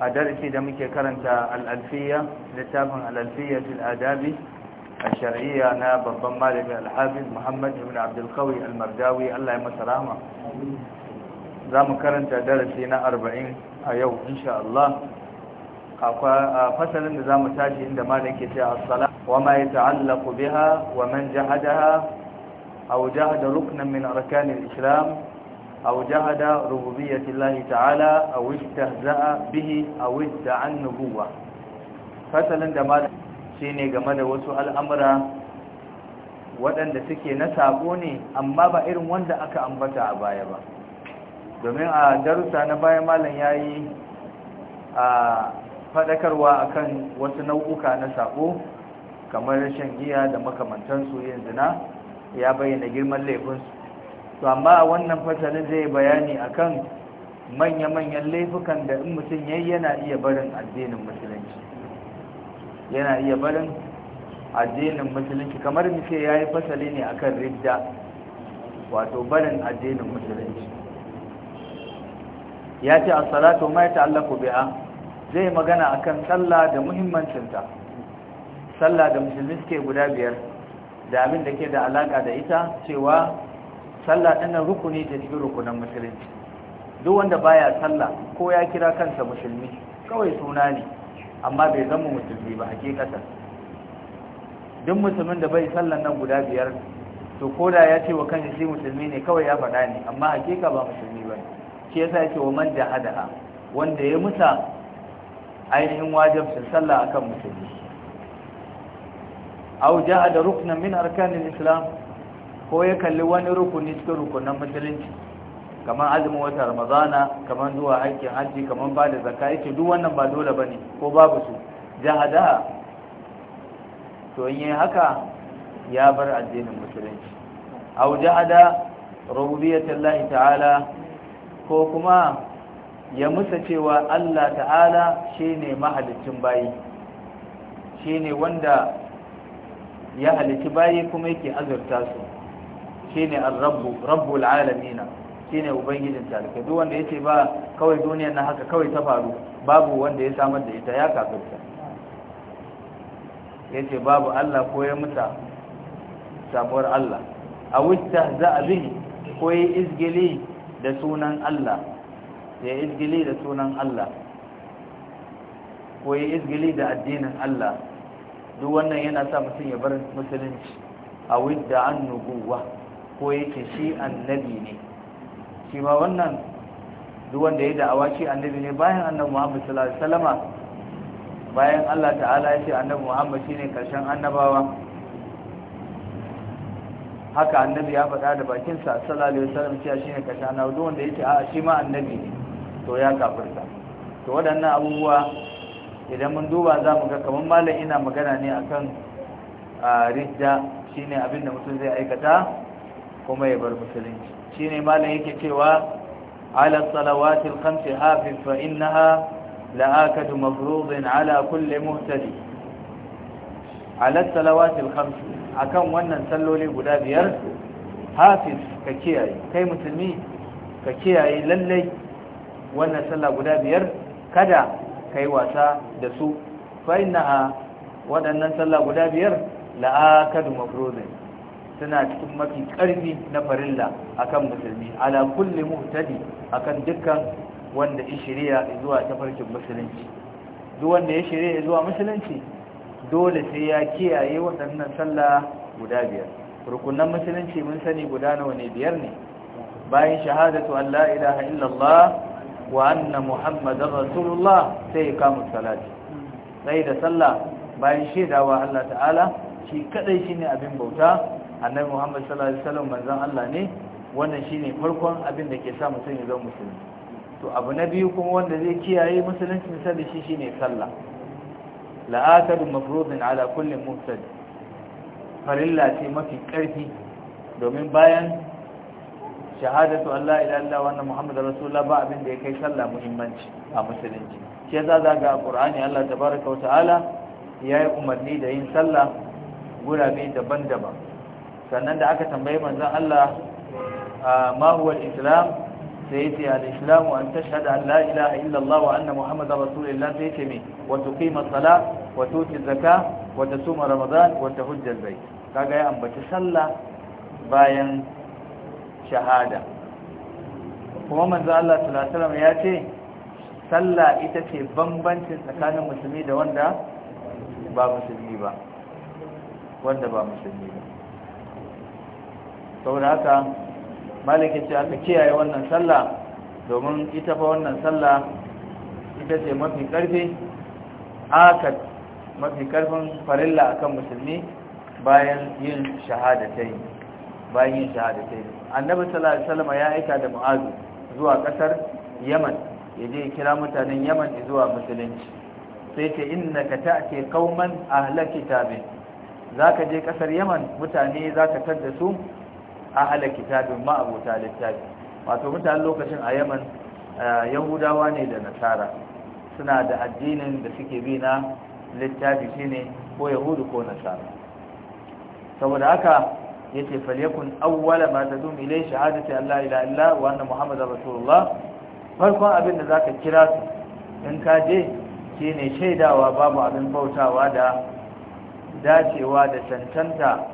a darasi da muke karanta al'alfiya littafin al'alfiya fil adabi a shari'a na babban malamin al muhammad ibn abdulkawi al-mardawi allah ya masa rahama za mu karanta darasi na arba'in a yau insha Allah a fasalin da za mu tashi inda malin ke ce assala wa ma ya biha wa man jahadaha aw jahada ruknan min arkanil islam أو جهد ربوبية الله تعالى أو استهزأ به أو ادعى النبوة فسلا دمار شيني جمد وسؤال أمر waɗanda suke na saƙo ne amma ba irin wanda aka ambata a baya ba domin a darussa na baya malam ya yi a faɗakarwa a kan wasu nau'uka na saƙo, kamar rashin giya da makamantansu yin zina ya bayyana girman laifinsu to amma a wannan fasalin zai bayani akan manya-manyan laifukan da in mutum yayi yana iya barin addinin musulunci yana iya barin addinin musulunci kamar mace ya yi fasali ne akan ridda wato barin addinin musulunci ya ce a salatu ma ya ta'allaku bi'a zai magana akan sallah da muhimmancinta sallah da musulmi suke guda biyar da abin da ke da alaka da ita cewa sallah dinnan rukuni da cikin rukunan musulunci duk wanda baya sallah ko ya kira kansa musulmi kawai suna ne amma bai zama musulmi ba hakikata. duk musulmin da bai sallan nan guda biyar to koda ya ce wa kansa shi musulmi ne kawai ya faɗa ne amma hakika ba musulmi ba shi yasa yake wa man jahadaha wanda ya musa ainihin su sallah akan musulmi aw jahada ruknan min arkanil islam ko ya kalli wani rukuni cikin rukunan musulunci kamar azumin wata ramadana kamar zuwa aikin hajji kamar ba da zakka yake duk wannan ba dole bane ko babu su jahada to yin haka ya bar addinin musulunci aw jahada rububiyyatillahi ta'ala ko kuma ya musa cewa Allah ta'ala shine mahalicin bayi shine wanda ya halici bayi kuma yake azurta su shine ar-rabbu rabbul alamin shine ubangijin talaka duk wanda yace ba kawai duniyar na haka kawai ta faru babu wanda ya samar da ita ya kafirta yace babu Allah ko ya muta samuwar Allah a wuta za a bihi ko ya izgili da sunan Allah ya izgili da sunan Allah ko ya izgili da addinin Allah duk wannan yana sa mutum ya bar musulunci a wadda an ko yake shi annabi ne shi ma wannan duk wanda ya da'awa shi annabi ne bayan annabi Muhammad sallallahu alaihi wasallama bayan Allah ta'ala ya ce annabi Muhammad shine karshen annabawa haka annabi ya faɗa da bakinsa sallallahu alaihi wasallam cewa shine karshen annabawa duk wanda yake a'a a shi ma annabi ne to ya kafirta to waɗannan abubuwa idan mun duba za mu ga kamar malam ina magana ne akan ridda shine abin da mutum zai aikata kuma ya bar musulunci ne malam yake cewa ala salawatil khamsi hafiz fa innaha la'akad mafrudin ala kulli muhtadi ala salawatil khamsi akan wannan salloli guda biyar hafiz ka kiyaye kai musulmi ka kiyaye lallai wannan sallah guda biyar kada kai wasa da su fa innaha waɗannan sallah guda biyar suna cikin mafi karfi na farilla akan musulmi ala kulli muhtadi akan dukkan wanda ya shirya zuwa tafarkin musulunci duk wanda ya shirya zuwa musulunci dole sai ya kiyaye waɗannan sallah guda biyar rukunan musulunci mun sani guda nawa ne biyar ne bayan shahadatu an la ilaha illallah wa anna muhammadar rasulullah sai kamun salati sai da sallah bayan shaidawa Allah ta'ala shi kadai ne abin bauta annabi Muhammad sallallahu alaihi wasallam manzon Allah ne wannan shine farkon abin da ke sa mutum ya zama musulmi to abu na biyu kuma wanda zai kiyaye musulunci sa da shi shine sallah akadu mafrudin ala kulli muftad farilla ce mafi karfi domin bayan shahadatu Allah ila Allah wa anna muhammad Rasulullah ba abin da ya kai sallah muhimmanci a musulunci shi za ga Qur'ani Allah tabaraka wa ta'ala yayi umarni da yin sallah gurabe daban-daban sannan da aka tambaye manzon Allah ah, ma huwa islam sai ya al-islamu an tashhada an Allah ilaha illa Allah wa anna muhammadar rasulullah sai yace me wa tuqima as-salat wa tuti az-zakah wa tasuma ramadan wa tahujja al-bayt kaga ya ambaci sallah bayan shahada kuma manzo Allah sallallahu ya ce sallah ita ce bambancin tsakanin musulmi da wanda ba musulmi ba wanda ba musulmi ba saboda haka maliki ce aka kiyaye wannan sallah domin ita fa wannan sallah ita ce mafi karfi aka mafi karfin farilla akan musulmi bayan yin shahadatai bayan yin shahadatai annabi sallallahu alaihi wasallam ya aika da mu'azu zuwa kasar yaman ya je kira mutanen yaman zuwa musulunci sai ce innaka ta'ti qauman ahla kitabin zaka je kasar yaman mutane zaka da su ahala kitabin ma abota littafi wato mutane lokacin a yaman yahudawa ne da nasara suna da addinin da suke bi na littafi shine ko yahudu ko nasara saboda haka yace falyakun awwala ma tadum shahada shahadati Allah ila illa wa anna muhammadar rasulullah farkon abin da zaka kira su in ka je shine shaidawa babu abin bautawa da dacewa da cancanta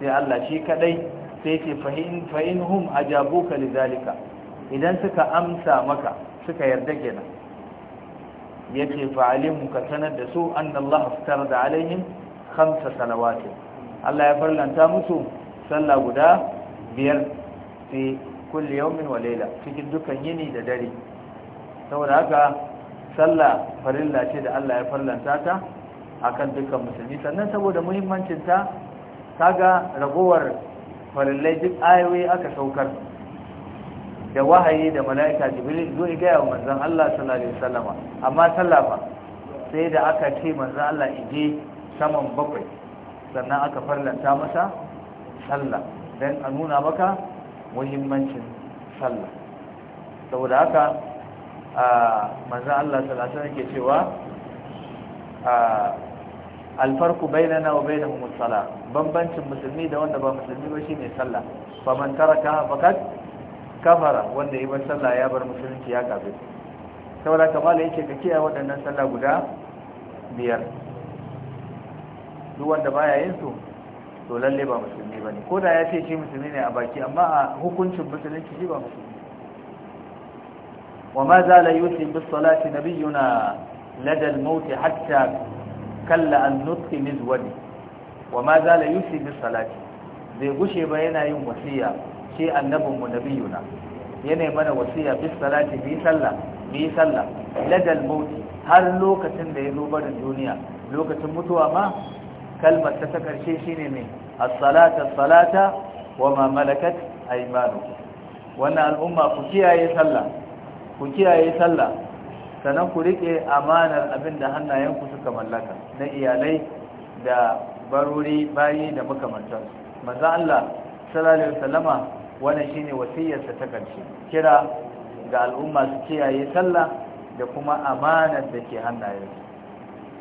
sai Allah shi kadai sai ce fa'in hum jabuka zalika idan suka amsa maka suka yarda ya ce fa'alim ka sanar da su da Allah da alaihin hamsa salawat Allah ya farlanta musu sallah guda biyar fi kulli yawmin wa cikin dukan yini da dare saboda haka sallah farilla ce da Allah ya farlanta ta akan dukkan musulmi sannan saboda muhimmancinta ta ga ragowar farillai duk ayoyi aka saukar da wahayi da mala'ika jibril zo ya gaya wa manzon Allah sallallahu alaihi wasallam amma sallah sai da aka ce manzon Allah ije saman bakwai sannan aka farlanta masa sallah dan a nuna maka muhimmancin sallah saboda haka manzon Allah sallallahu alaihi wasallam ke cewa alfarku bainana wa bainahum as-salah bambancin musulmi da wanda ba musulmi ba shine sallah faman taraka faqad kafara wanda yi bar sallah ya bar musulunci ya kafir saboda kamala yake ka kiyaye waɗannan sallah guda biyar duk wanda baya yin su to lalle ba musulmi bane ko da ya ce shi musulmi ne a baki amma a hukuncin musulunci shi ba musulmi wa ma zala yusi bis salati nabiyuna lada al-maut hatta kalla an nutqi mizwadi wa ma zala yusi bi salati bai gushe ba yana yin wasiya sai annabin mu nabiyuna yana mana wasiya bi salati bi sallah bi sallah ladal mauti har lokacin da ya zo barin duniya lokacin mutuwa ma kalmar ta ta karshe shine ne as-salata salata wa ma malakat aymanukum wannan al'umma ku kiyaye sallah ku kiyaye sallah sannan ku riƙe amanar abin da hannayenku suka mallaka na iyalai da barori bayi da makamantar manzo Allah sallallahu alaihi wasallama wannan shine wasiyarsa ta ƙarshe kira ga al'umma su kiyaye sallah da kuma amanar da ke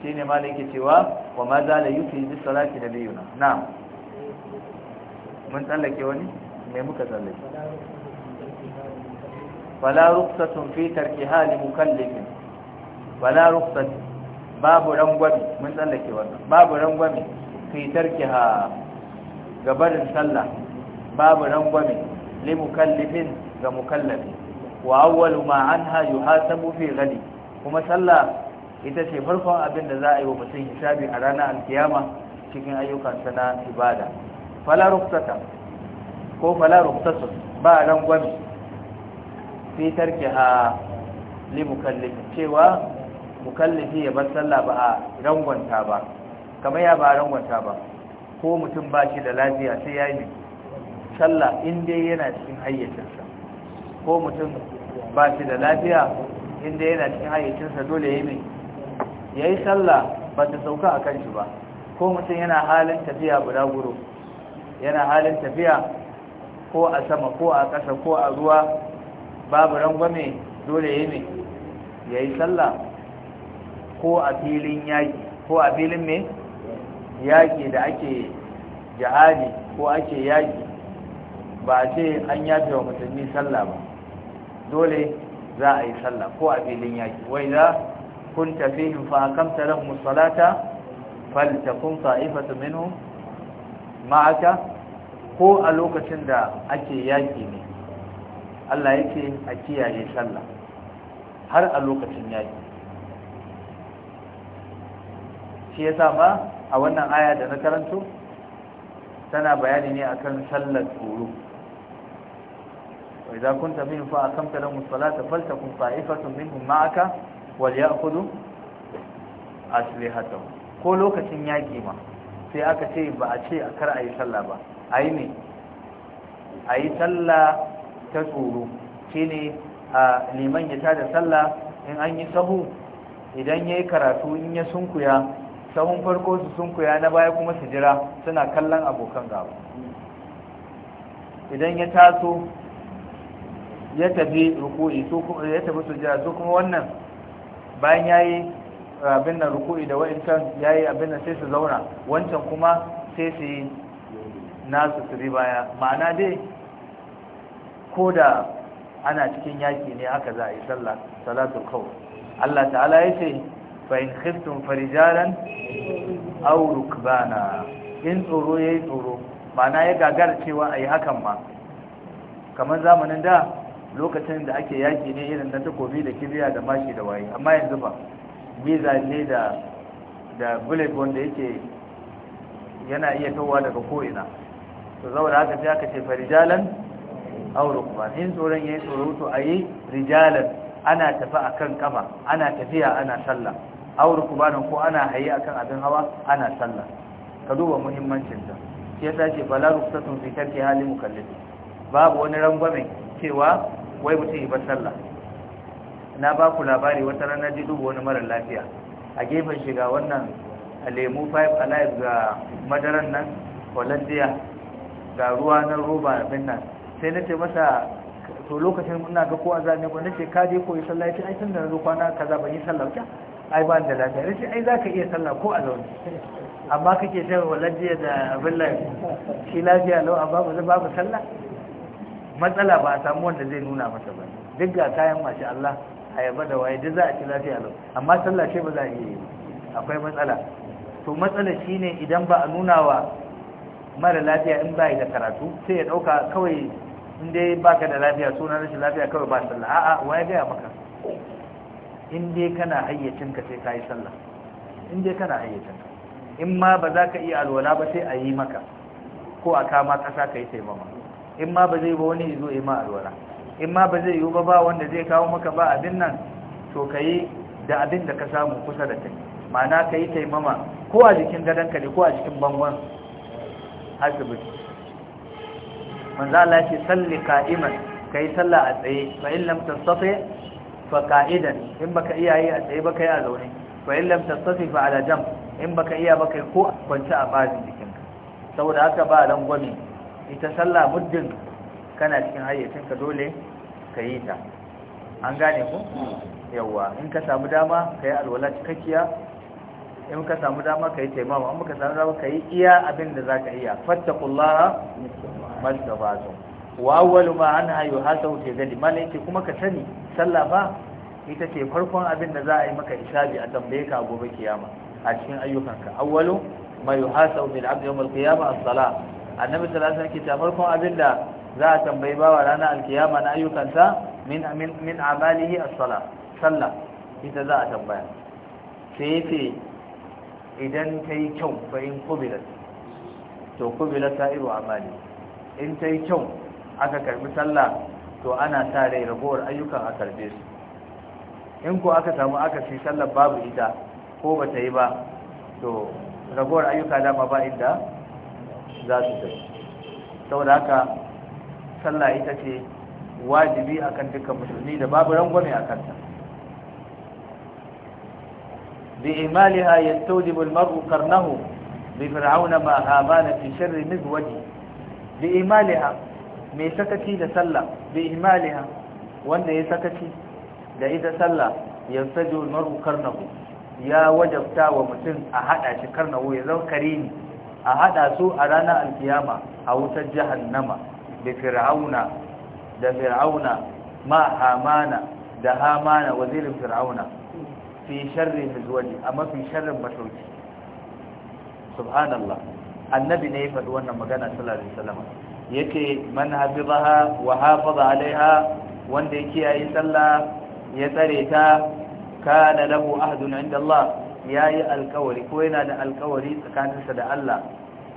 su shine maliki cewa wa ma la yufi bi salati nabiyuna na'am mun tsallake wani me muka tsallake wala rukhsatun fi tarki hali mukallifin wala rukhsat babu rangwami mun tsallake wannan babu tarki ha gabarin sallah babu rangwami li mukallifin ga mukallafi wa awwalu ma anha yuhasabu kuma sallah ita ce farkon abin da za a yi wa mutum hisabi a ranar alkiyama cikin ayyukansa na ibada fala rukhsata ko fala rukhsatun ba rangwami fi tarkiha li mukallifi cewa mukallifi ya bar sallah ba a rangwanta ba kamar ya ba rangwanta ba ko mutum ba shi da lafiya sai ya yi sallah in dai yana cikin hayyacinsa ko mutum ba shi da lafiya in dai yana cikin hayyacinsa dole ya yi ya yi sallah ba ta sauka a kan shi ba ko mutum yana halin tafiya guda guru yana halin tafiya ko a sama ko a ƙasa ko a ruwa babu rangwame dole ya ne ya yi sallah ko a filin yaƙi ko a filin mai yaƙi da ake jihadi ko ake yaƙi ba a ce an yafe wa musulmi sallah ba dole za a yi sallah ko a filin yaƙi wai za kun tafi fa akamta lahum salata faltakun ta'ifatu minhum ma'aka ko a lokacin da ake yaƙi ne Allah yake a kiyaye sallah har a lokacin yaki shi yasa ba a wannan aya da na karanto tana bayani ne akan sallar tsoro wa idza kunta fihim fa aqamta lahum salata faltakum ta'ifatun minhum ma'aka ya'khudhu aslihatahum ko lokacin yaki ma sai aka ce ba a ce a kar ayi sallah ba ayi ne ayi sallah ta tsoro ne a liman ya tada sallah in an yi sahu idan ya yi karatu in ya sunkuya sahun farko su sunkuya na baya kuma su jira suna kallon abokan gaba idan ya taso ya tafi ruku'i su ya tafi jira su kuma wannan bayan ya yi abin nan ruku'i da wa'incan yi abin nan sai su zauna wancan kuma sai su yi nasu su baya ma'ana dai ko da ana cikin yaki ne aka za a yi sallah salatu Allah ta'ala ya ce fa in khiftum farijalan aw rukbana in tsoro yayi tsoro mana ya gagar cewa yi hakan ma kamar zamanin da lokacin da ake yaki ne irin na takobi da kibiya da mashi da waye amma yanzu ba biza ne da da bullet wanda yake yana iya tawa daga ko ina to zaura haka sai aka ce farijalan auro kuma in tsoron ya yi tsoro to ayi rijalar ana tafi akan kafa ana tafiya ana sallah kuma nan ko ana a akan abin hawa ana sallah ka duba muhimmancinta. ta shi yasa sace bala sun fitar ke hali mukallifi babu wani rangwame cewa wai mutum bar sallah na ba ku labari wata rana ji duba wani mara lafiya a gefen shiga wannan lemu five alive ga madaran nan holandiya ga ruwa na roba abin nan sai na ce masa to lokacin ina ga ko a zane ko nace ka je koyi sallah yace ai tunda zo kwana kaza ban yi sallah ba ai ba da lafiya nace ai zaka iya sallah ko a zaune amma kake ta lafiya da abin lafiya shi lafiya lau amma ba zai babu sallah matsala ba a samu wanda zai nuna masa ba duk ga kayan mashi Allah ayaba da waye duk za a ci lafiya lau amma sallah ce ba za a iya yi akwai matsala to matsala shine idan ba a nuna wa mara lafiya in bai da karatu sai ya dauka kawai in dai baka da lafiya suna rashin lafiya kawai ba sallah a'a wa ya gaya maka in dai kana ka sai ka yi sallah in dai kana ka in ma ba za ka iya alwala ba sai a yi maka ko a kama kasa ka yi taimama in ma ba zai ba wani zo yi ma alwala in ma ba zai yi ba ba wanda zai kawo maka ba abin nan to ka yi da abin da ka samu kusa da kai ma'ana ka yi taimama ko a jikin gadonka ne ko a jikin bangon asibiti manzo Allah ce salli qa'iman kai sallah a tsaye fa in lam tastati fa qa'idan in baka iya yi a tsaye ba yi a zaune fa in lam tastati fa ala jam in baka iya ba kai ko kwance a bazin jikinka saboda haka ba rangwame ita sallah muddin kana cikin hayyacinka dole ka yi ta an gane ku yawa in ka samu dama ka yi alwala cikakkiya in ka samu dama ka yi taimama an baka samu dama ka yi iya abin da za ka iya fattakullaha malgabazo wa awwalu ma anha yuhasabu fi zali malai ce kuma ka sani sallah ba ita ce farkon abin da za a yi maka hisabi a tambaye ka gobe kiyama a cikin ayyukanka awwalu ma yuhasabu bil abdi yawm al qiyamah as-salah annabi sallallahu alaihi wasallam ce farkon abin da za a tambayi bawa ranar alkiyama na ayyukansa min min min amalihi as-salah sallah ita za a tambaya sai yace idan ta yi kyau bayin kubilat to kubilat sa'iru amali in ta yi kyau aka karbi sallah to ana sa rai ragowar ayyukan a karbe su in ko aka samu aka fi sallar babu ita ko ba ta yi ba to ragowar ayyuka dama ba inda za su tafi saboda haka sallah ita ce wajibi kan dukkan musulmi da babu rangwame a kanta بإيمالها يستوجب المرء قرنه بفرعون ما هامان في شر مزوجه bi imaliha mai sakaci da sallah bi imaliha wanda ya sakaci da ita sallah yansaju maru karnahu ya wajabta wa mutum a hada shi karnahu ya zama karini a hada su a ranar alkiyama a wutar jahannama da fir'auna da fir'auna ma hamana da hamana wazirin fir'auna fi sharri hizwaji a mafi sharrin masauki subhanallah annabi ne ya faɗi wannan magana sallallahu alaihi wasallam yace man hafizaha wa hafaza alaiha wanda ya kiyaye sallah ya tsare ta kana lahu ahdun inda Allah yayi alkawari ko yana da alkawari tsakaninsa da Allah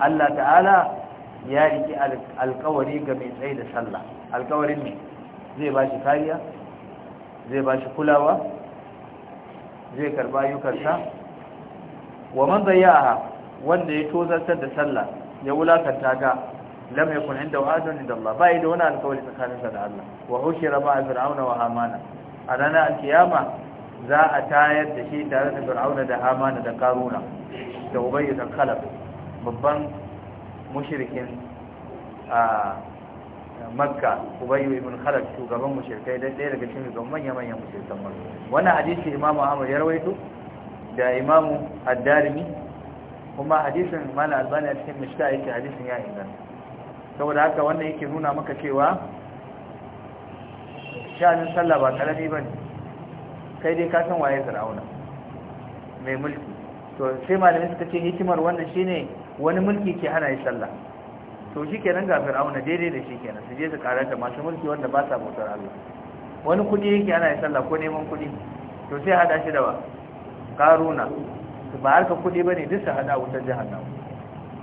Allah ta'ala ya riki alkawari ga mai tsaye da sallah alkawarin ne zai ba shi kariya zai ba shi kulawa zai karba yukarsa wa man zayyaha wanda ya tozartar da sallah ya wulakanta ga lam yakun inda wa'adun inda Allah bai da wani alƙawari sa da Allah wa hushira ma fir'auna wa hamana a ranar alkiyama za a tayar da shi tare da fir'auna da hamana da karuna da ubayy da khalaf babban mushrikin a makka ubayy ibn khalaf shugaban mushrikai da ɗaya daga cikin gaban manya-manyan mushrikan wannan hadisi imamu ahmad ya rawaito da imamu ad-darimi kuma hadisin mala albani a cikin mishta yake hadisin ya inganta saboda haka wannan yake nuna maka cewa sha'anin sallah ba karami ba ne kai dai kasan waye fir'auna mai mulki to sai malamin suka ce hikimar wannan shine wani mulki ke hana yi sallah to shi ke nan ga fir'auna daidai da shi kenan su je su da masu mulki wanda ba sa motar Allah wani kudi yake ana yi sallah ko neman kudi to sai hada shi da ba karuna ba harka kuɗi ba ne duk su hada wutar jahannama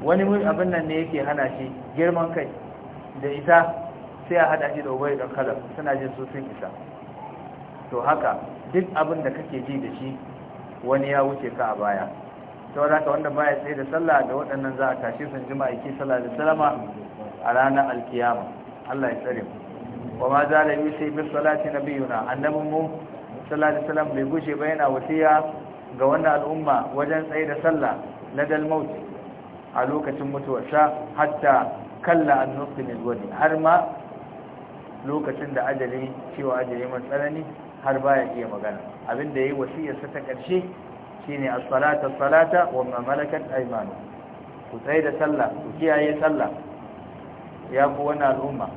wani abin nan ne yake hana shi girman kai da ita sai a hada shi da ubai da kalam suna jin su sun isa to haka duk abin da kake ji da shi wani ya wuce ka a baya sau da wanda baya tsaye da sallah da waɗannan za a tashi sun jima aiki sallah da salama a ranar alkiyama Allah ya tsare mu wa ma za la na bi salati nabiyuna annabinmu sallallahu alaihi wasallam bai gushe ba yana wasiya ga wannan al'umma wajen tsaye da sallah na dalmauti a lokacin mutuwarsa hatta kalla an nufin ilwadi har ma lokacin da ajali cewa ajali mai tsanani har ya iya magana abinda ya yi wasiyarsa ta ƙarshe shine as-salata salata wa mamalakar aimanu ku tsaye da sallah ku kiyaye sallah ya ku wani al'umma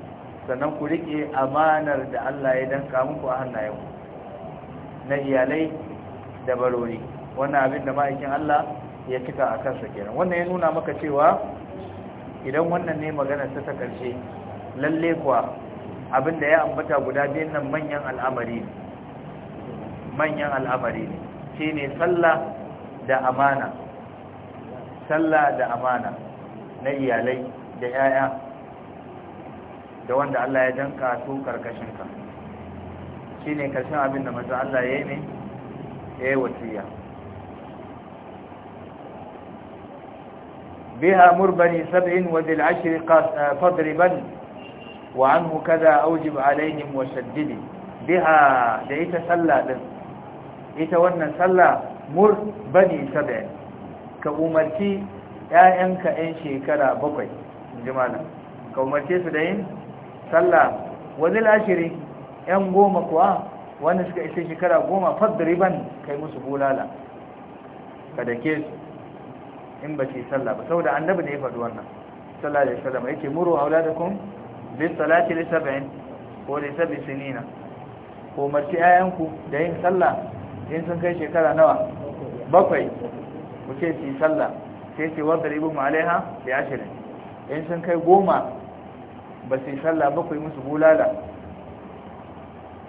sannan ku riƙe amanar da Allah ya danka muku a hannayen na iyalai da barori wannan abin da ma'aikin Allah ya cika a kansa kenan wannan ya nuna maka cewa idan wannan ne magana ta karshe lalle kuwa abin da ya ambata guda biyan nan manyan al'amari ne manyan al'amari ne shine sallah da amana sallah da amana na iyalai da 'ya'ya da wanda Allah ya danka su karkashinka shine karshen abin da masu Allah ya yi ne ya eh, yi wasiya biha murbani sab'in wa dil ashri fadriban wa anhu kaza aujib alaihim wa saddidi biha da ita sallah din ita wannan sallah murbani sab'in ka umarci ƴaƴanka ƴan shekara bakwai jimala ka umarci su da yin sallah wa dil ashri ƴan goma kuwa wanda suka isa shekara goma fadriban kai musu bulala ka dake su in ba ce sallah ba saboda annabi ne ya faɗi wannan sallallahu alaihi wasallam yake muru kun bi salati li sab'in ko li sab'i sinina ko marci ayanku da yin sallah in sun kai shekara nawa bakwai ku ce su yi sallah sai ce wa daribu mu alaiha bi ashirin in sun kai goma ba su yi sallah bakwai musu bulala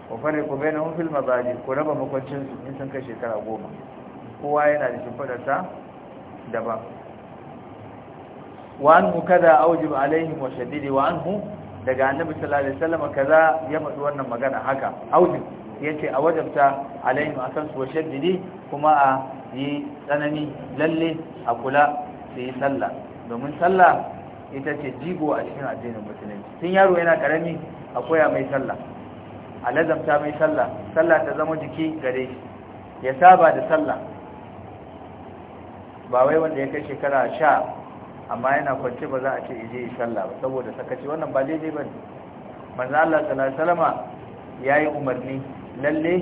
wa fare ku bai na hunfil mazaji ku raba su in sun kai shekara goma kowa yana da shimfidarsa daban wa an da kada ba alaihim wa shadidi wa an daga annabi sallallahu alaihi wasallam kaza ya faɗi wannan magana haka ya yace a wajabta alaihim akan su wa shadidi kuma a yi tsanani lalle a kula su yi sallah domin sallah ita ce jigo a cikin addinin musulunci tun yaro yana karami a koya mai sallah a lazamta mai sallah sallah ta zama jiki gare shi ya saba da sallah ba wai wanda ya kai shekara sha amma yana kwance ba za a ce ije yi sallah ba saboda sakaci wannan ba daidai ba ne Allah sallallahu alaihi wasallama yayi umarni lalle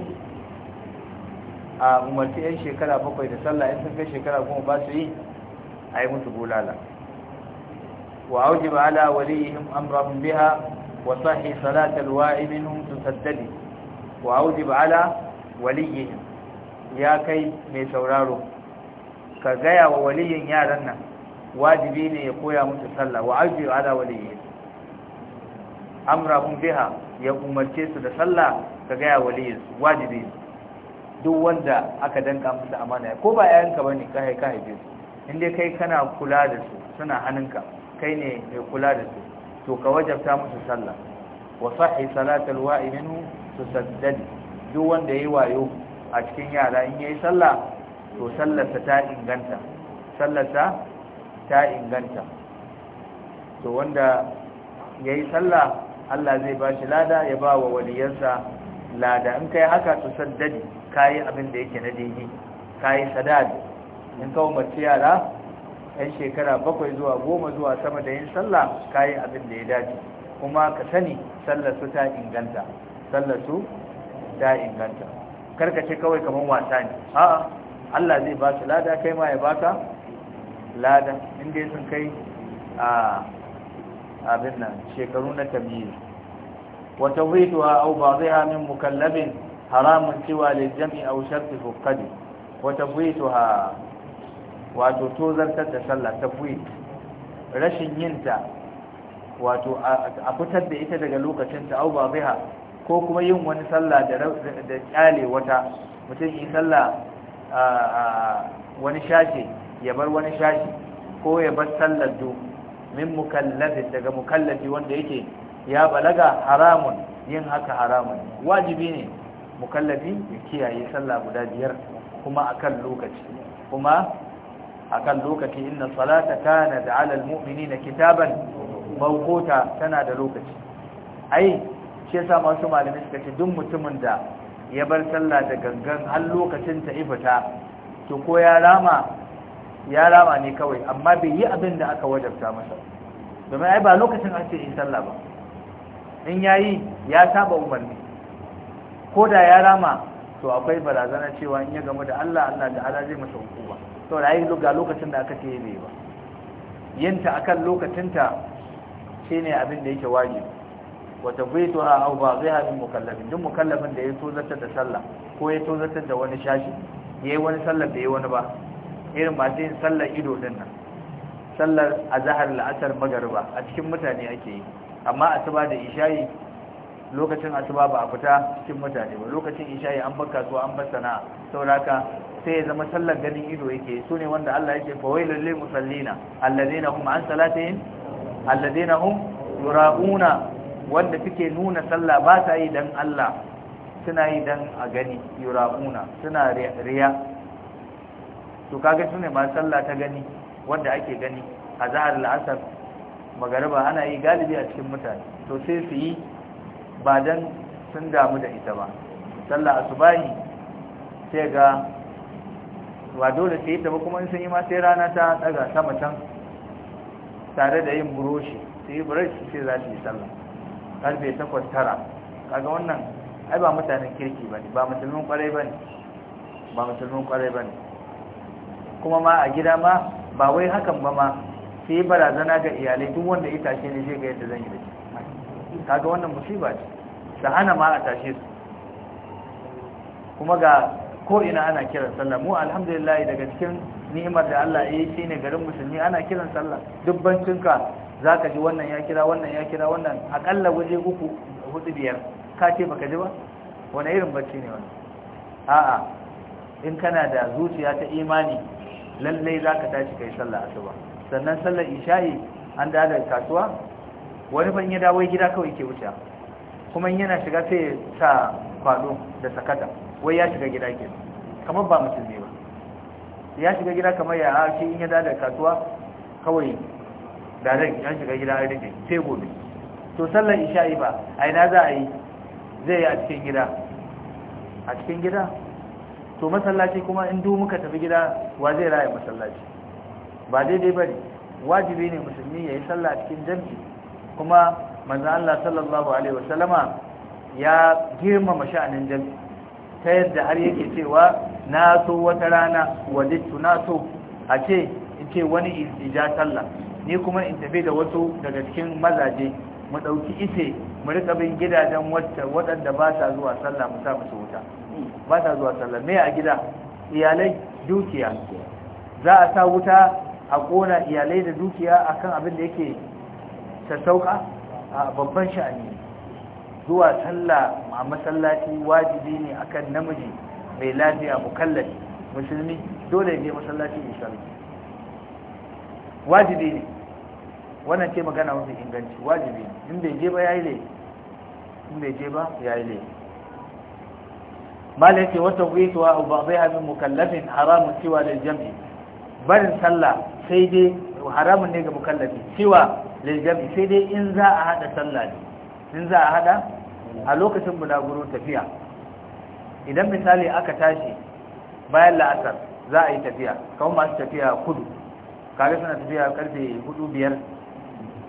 a umarci yan shekara bakwai da sallah in sun kai shekara kuma ba su yi a yi musu bulala wa ba ala waliyihim amrahum biha وصحي صلاة الواعي منهم تسددي وأوجب على وليهم يا كي مي سورارو كغايا وولي يا رنا واجبين يقويا متسلى وأوجب على وليهم أمرهم بها ya umarce su da sallah ka gaya waliyin wajibi duk wanda aka danka musu amana ko ba yayanka bane kai kai su inda kai kana kula da su suna hannunka kai ne mai kula da su to ka wajabta musu sallah wa sahhi salatal wa'i minhu tusaddad duk wanda yayi wayo a cikin yara in yayi sallah to sallarsa ta inganta sallarsa ta inganta to wanda yayi sallah Allah zai ba shi lada ya ba wa waliyansa lada in kai haka tusaddadi kayi abin da yake na dini kayi sadad in ka umarci yara yan shekara bakwai zuwa goma zuwa sama da yin sallah yi abin da ya dace kuma ka sani sallar su ta inganta sallar su ta inganta ka ce kawai kamar wasa ne a'a Allah zai ba su lada kai ma ya baka lada inda sun kai a abin nan shekaru na tamyiz wa tawhiduha aw ba'dha min mukallabin haramun siwa lil jam'i aw shartu fuqadi wa tawhiduha wato tozartar da sallah ta tafwid rashin yinta wato a fitar da ita daga lokacinta au biha ko kuma yin wani sallah da da kyale wata mutum yi sallah wani shashi ya bar wani shashi ko ya bar sallar du min mukallafin daga mukallafi wanda yake ya balaga haramun yin haka haramun wajibi ne mukallafi ya kiyaye sallah guda biyar kuma akan lokaci kuma akan lokaci inna salata da ala almu'minina kitaban mawquta tana da lokaci ai shi yasa masu malami suka ce duk mutumin da ya bar sallah da gangan har lokacin ta ifita to ko ya rama ya rama ne kawai amma bai yi abin da aka wajabta masa domin ai ba lokacin a ce in sallah ba in yayi ya saba umarni ko da ya rama to akwai barazana cewa in ya gamu da Allah Allah da Allah zai masa hukuma to da ai ga lokacin da aka ce bai ba yinta akan lokacinta shine abin da yake wajibi wa tabituha aw ba'dha min mukallafin duk mukallafin da ya tozartar da sallah ko ya tozartar da wani shashi yayi wani sallah da yayi wani ba irin ba sai sallar ido din nan sallar azhar la'asar magariba a cikin mutane ake yi amma asuba da isha'i lokacin asuba ba a fita cikin mutane ba lokacin isha'i an bakka kasuwa an bar sana'a sauraka sai ya zama sallar ganin ido yake su ne wanda Allah yake fawailul lil musallina alladheena hum an salatihim alladheena hum yura'una wanda suke nuna sallah ba ta yi dan Allah suna yi dan a gani yura'una suna riya to kaga su ne ma sallah ta gani wanda ake gani a zahar al'asar magariba ana yi galibi a cikin mutane to sai su yi ba dan sun damu da ita ba sallah asubahi sai ga Wa dole sai ta ba kuma in sun yi ma sai rana ta daga sama can tare da yin buroshi sai yi buroshi sai za su yi sallah karfe takwas tara kaga wannan ai ba mutanen kirki ba ne ba musulmin kwarai ba ne ba musulmin kwarai ba ne kuma ma a gida ma ba wai hakan ba ma sai yi barazana ga iyalai duk wanda ya tashe ne zai ga yadda zan yi da shi kaga wannan musiba ce sahana ma a tashe su kuma ga ko ina ana kiran sallah mu alhamdulillah daga cikin ni'imar da Allah ya yi ne garin musulmi ana kiran sallah dubbancinka ka ji wannan ya kira wannan ya kira wannan akalla waje uku hudu biyar ka ce baka ji ba wani irin bacci ne wani a'a in kana da zuciya ta imani lallai ka tashi kai sallah asuba sannan sallar isha'i an da da kasuwa wani fa in ya gida kawai ke wuce kuma in yana shiga sai ta. kwado da sakata wai ya shiga gida ke kamar ba mutum ne ba ya shiga gida kamar ya ake in ya da kasuwa kawai da zai ya shiga gida a rufe sai gobe to sallar yi ba a ina za a yi zai yi a cikin gida a cikin gida to masallaci kuma in duk muka tafi gida wa zai raya masallaci ba daidai ba ne wajibi ne musulmi ya yi sallah a cikin jam'i kuma manzo Allah sallallahu alaihi wasallama ya girmama sha'anin jami ta yadda har yake cewa na so wata rana walittu na so a ce in ce wani ija sallah ni kuma in tafi da wasu daga cikin mazaje mu ɗauki ice mu rika bin gidajen waɗanda ba sa zuwa sallah mu sa musu wuta ba sa zuwa sallah me a gida iyalai dukiya za a sa wuta a kona iyalai da dukiya akan abin da yake sassauka a babban sha'ani zuwa sallah a masallaci wajibi ne akan namiji mai lafiya mukallafi musulmi dole ne masallaci islam wajibi ne wannan ce magana mafi inganci wajibi ne in bai je ba yayi ne in bai je ba yayi ne malaka wata gwiwa abu ba bai hamin mukallafin haramun cewa da jam'i barin sallah sai dai haramun ne ga mukallafi cewa da jam'i sai dai in za a hada sallah ne in za a hada a lokacin bulaguro tafiya idan misali aka tashi bayan la'asar za a yi tafiya kawai masu tafiya kudu kare suna tafiya karfe hudu biyar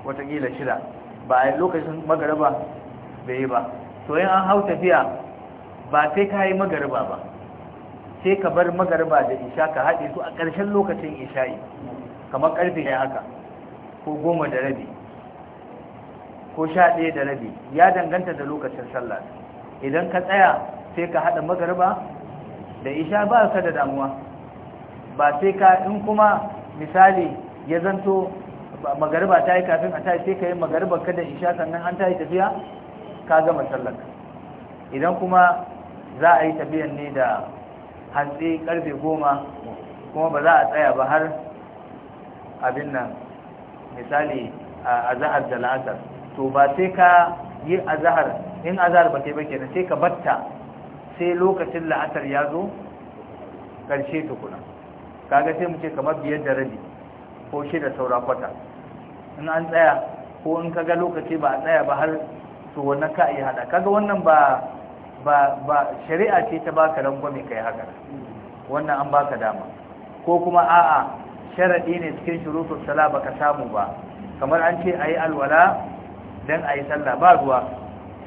watakila shida ba a lokacin magaraba bai yi ba to yin an hau tafiya ba sai ka yi magaraba ba sai ka bar magaraba da isha ka haɗe su a ƙarshen lokacin yi kamar karfe ya haka ko goma da rabi ko sha ɗaya da rabi ya danganta da lokacin sallah idan ka tsaya sai ka haɗa magariba da isha ba ka da damuwa ba sai ka in kuma misali ya zanto magariba ta yi kafin a tashi sai ka yi magarba ka da isha sannan an ta yi tafiya ka gama sallar idan kuma za a yi tafiyan ne da hantsi karfe goma kuma ba za a tsaya ba har abin nan misali a zahar da la'asar to ba sai ka yi azahar in azahar ba kai ba kenan sai ka batta sai lokacin la'asar ya zo ƙarshe tukuna kaga sai mu ce kamar biyar da rabi ko shida saura kwata in an tsaya ko in kaga lokaci ba a tsaya ba har to wannan ka yi hada kaga wannan ba ba ba shari'a ce ta baka rangwame kai haka wannan an baka dama ko kuma a'a sharadi ne cikin shurutus sala baka samu ba kamar an ce ayi alwala dan a yi sallah ba ruwa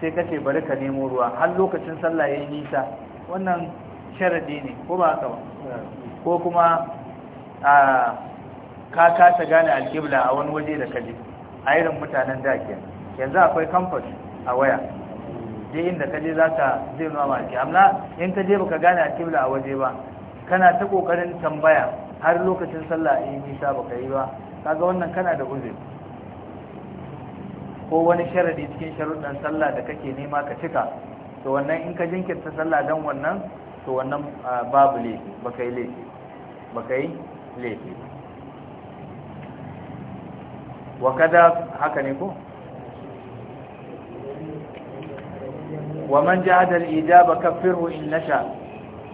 sai ka ce bari ka nemo ruwa har lokacin sallah ya yi nisa wannan sharadi ne ko ba haka ba ko kuma a ka kasa gane alkibla a wani waje da kaje a irin mutanen da ke yanzu akwai kamfas a waya je inda kaje za ka zai nuna maki amma in je baka gane alkibla a waje ba kana ta kokarin tambaya har lokacin sallah yi nisa baka yi ba kaga wannan kana da uzuri ko wani sharadi cikin sharuɗɗan sallah da kake nema ka cika to wannan in ka jinkirta sallah dan wannan to wannan babu laifi baka yi laifi baka yi laifi wa kada haka ne ko wa man ja'ada al-ijaba kaffirhu in nasha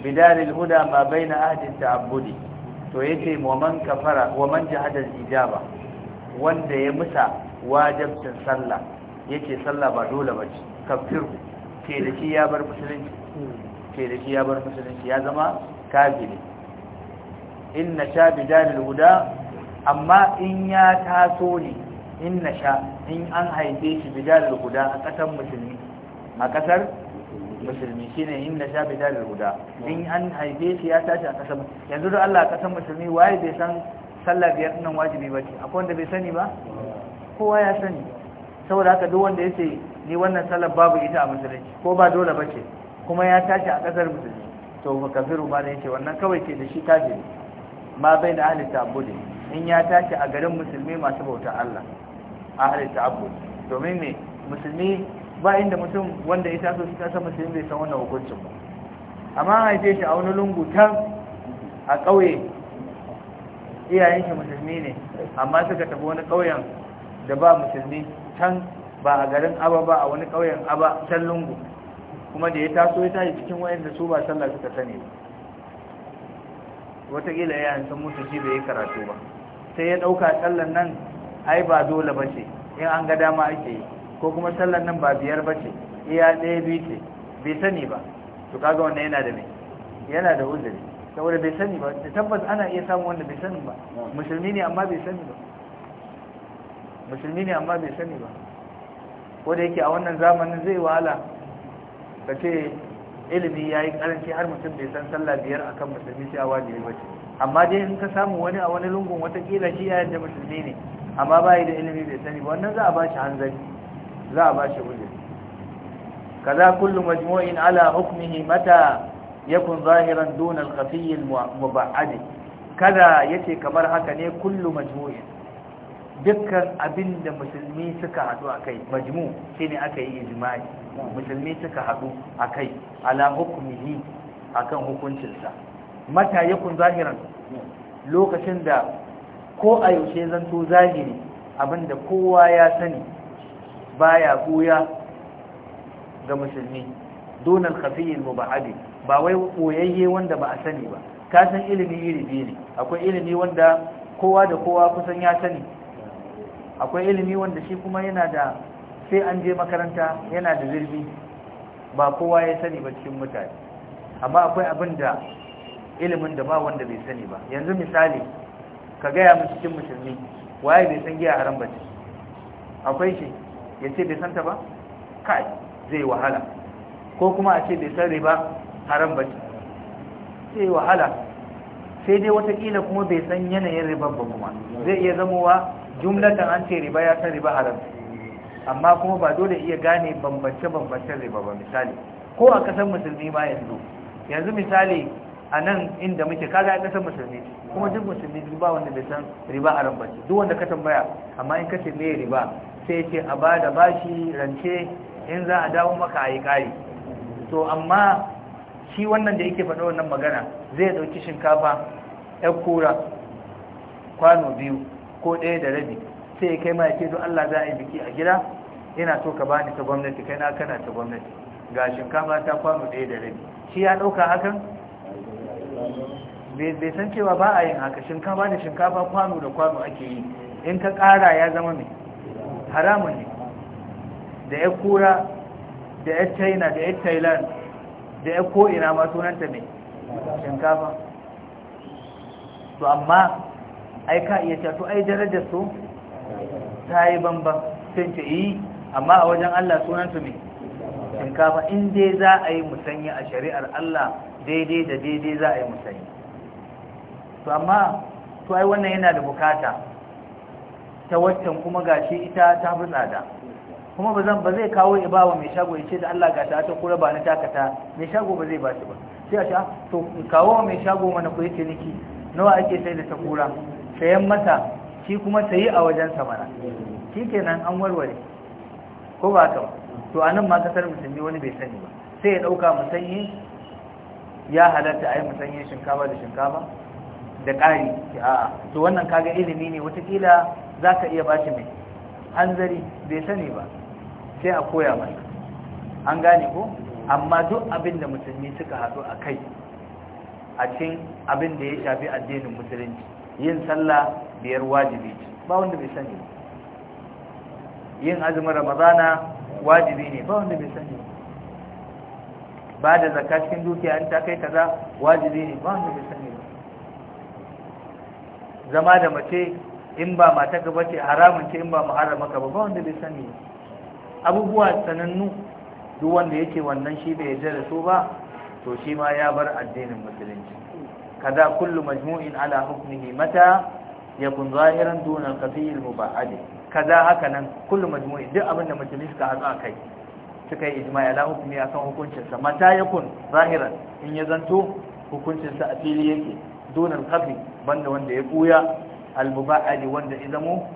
bidal al-huda ma bayna ahdi taabbudi to yace mu man kafara wa man ja'ada al-ijaba wanda ya musa wajibcin sallah yake sallah ba dole ba bace kafir ke da shi ya bar musulunci ke da shi ya bar musulunci ya zama kafiri inna sha bidalil guda, amma in ya taso ne inna sha in an haife shi bidalil huda a kasar musulmi a ƙasar musulmi shine inna sha bidalil guda, in an haife shi ya tashi a kasar yanzu da Allah a ƙasar musulmi waye bai san sallah biyar nan wajibi ce, akwai wanda bai sani ba kowa ya sani saboda haka duk wanda yace ni wannan sallar babu ita a musulunci ko ba dole bace kuma ya tashi a kasar musulunci to fa kafiru ma yace wannan kawai ke da shi kaje ma bai da ahli ta'abbudi in ya tashi a garin musulmi masu bauta Allah ahli ta'abbudi domin me musulmi ba inda mutum wanda ya taso shi kasar musulmi bai san wannan hukuncin ba amma an haife shi a wani lungu tan a ƙauye iyayen shi musulmi ne amma suka tafi wani ƙauyen da ba musulmi can ba a garin aba ba a wani ƙauyen aba can lungu kuma da ya taso ya tashi cikin da su ba sallah suka sani wataƙila ya san musu shi bai yi karatu ba sai ya ɗauka sallan nan ai ba dole ba ce in an ga dama ake yi ko kuma sallan nan ba biyar ba ce iya ɗaya biyu ce bai sani ba to kaga wannan yana da mai yana da uzuri saboda bai sani ba da tabbas ana iya samun wanda bai sani ba musulmi ne amma bai sani ba musulmi ne amma bai sani ba ko da yake a wannan zamanin zai wahala ka ce ilimi ya yi karanci har mutum bai san sallah biyar akan musulmi sai a wajibi ba ce amma dai in ka samu wani a wani lungun watakila shi ya yadda musulmi ne amma ba da ilimi bai sani ba wannan za a ba shi hanzari za a ba shi kaza kullu majmu'in ala hukmihi mata yakun zahiran duna al khafi al-mub'ad kaza yace kamar haka ne kullu majmu'in dukkan abin da musulmi suka haɗu a kai majmu shi ne aka yi ijimai musulmi suka haɗu a kai ala hukumihi a kan hukuncinsa mata yakun zahiran lokacin da ko a yaushe zanto zahiri abinda kowa ya sani baya koya ga musulmi donal khafiyil mu ba abin. Ba wai ɓoyayye wanda ba a sani ba kasan san ilimi iri biyu ne akwai ilimi wanda kowa da kowa kusan ya sani akwai ilimi wanda shi kuma yana da sai an je makaranta yana da zirbi ba kowa ya sani ba cikin mutane amma akwai abin da ilimin da ba wanda bai sani ba yanzu misali ka gaya mu cikin musulmi waye bai san giya haram ba ce akwai shi ya ce bai santa ba kai zai wahala ko kuma a ce bai san riba haram ba ce zai wahala sai dai watakila kuma bai san yanayin ribar ba kuma zai iya zamowa jumlatan an ce riba ya san riba haram amma kuma ba dole iya gane bambance-bambancen riba ba misali ko a kasar musulmi ma yanzu yanzu misali a nan inda muke kaga a kasar musulmi kuma duk musulmi duk ba wanda bai san riba haram ba duk wanda ka tambaya amma in ka ce me riba sai ce a ba da bashi rance in za a dawo maka a yi kari to amma shi wannan da yake faɗa wannan magana zai ɗauki shinkafa 'yan kura kwano biyu ko ɗaya da rabi sai ya kai ma ya don Allah za a yi biki a gida ina so ka bani ta gwamnati kai na kana ta gwamnati ga shinkafa ta kwano ɗaya da rabi shi ya ɗauka hakan bai san cewa ba a yin haka shinkafa da shinkafa kwano da kwano ake yi in ka ƙara ya zama mai haramun ne da ya kura da ya china da ya thailand da ya ko'ina ma sunanta mai shinkafa to amma ai ka iya cewa to ai darajar su ta yi bamban sun ce yi eh, amma a wajen Allah sunan su me shinkafa in dai za a yi musanya a shari'ar Allah daidai da daidai za a yi musanya to amma to ai wannan yana da bukata ta waccan kuma gashi ita ta fi tsada kuma ba zan ba zai kawo wa mai shago ya ce da Allah ga ta ta kura ba na takata mai shago ba zai ba shi ba sai a sha ah, to kawo mai shago mana ku yake niki nawa ake sai da ta kura sayan mata shi kuma sayi a wajen samara shi kenan an warware ko ba ta to a nan ma kasar musulmi wani bai sani ba sai ya ɗauka musanyi ya halatta a yi musanyi shinkafa da shinkafa da ƙari to wannan kaga ilimi ne watakila za ka iya ba shi mai hanzari bai sani ba sai a koya masa an gane ko amma duk abin da musulmi suka haɗu a kai a cikin abin da ya shafi addinin musulunci yin sallah biyar wajibi ba wanda bai sani yin azumin ramadana wajibi ne ba wanda bai sani ba da zakka cikin dukiya an ta kai kaza wajibi ne ba wanda bai sani zama da mace in ba mata gaba ce haramun ce in ba muharrama ka ba ba wanda bai sani abubuwa sanannu duk wanda yake wannan shi bai yarda da su ba to shi ma ya bar addinin musulunci كذا كل مجموع على حكمه متى يكون ظاهرا دون القضي المبعد كذا هكذا كل مجموع duk abinda da majalis ka hatsa kai suka yi ijma'i ala hukumi akan hukuncin sa mata yakun zahiran in ya zanto hukuncin sa a fili yake dunan kafi banda wanda ya buya al-muba'adi wanda izamu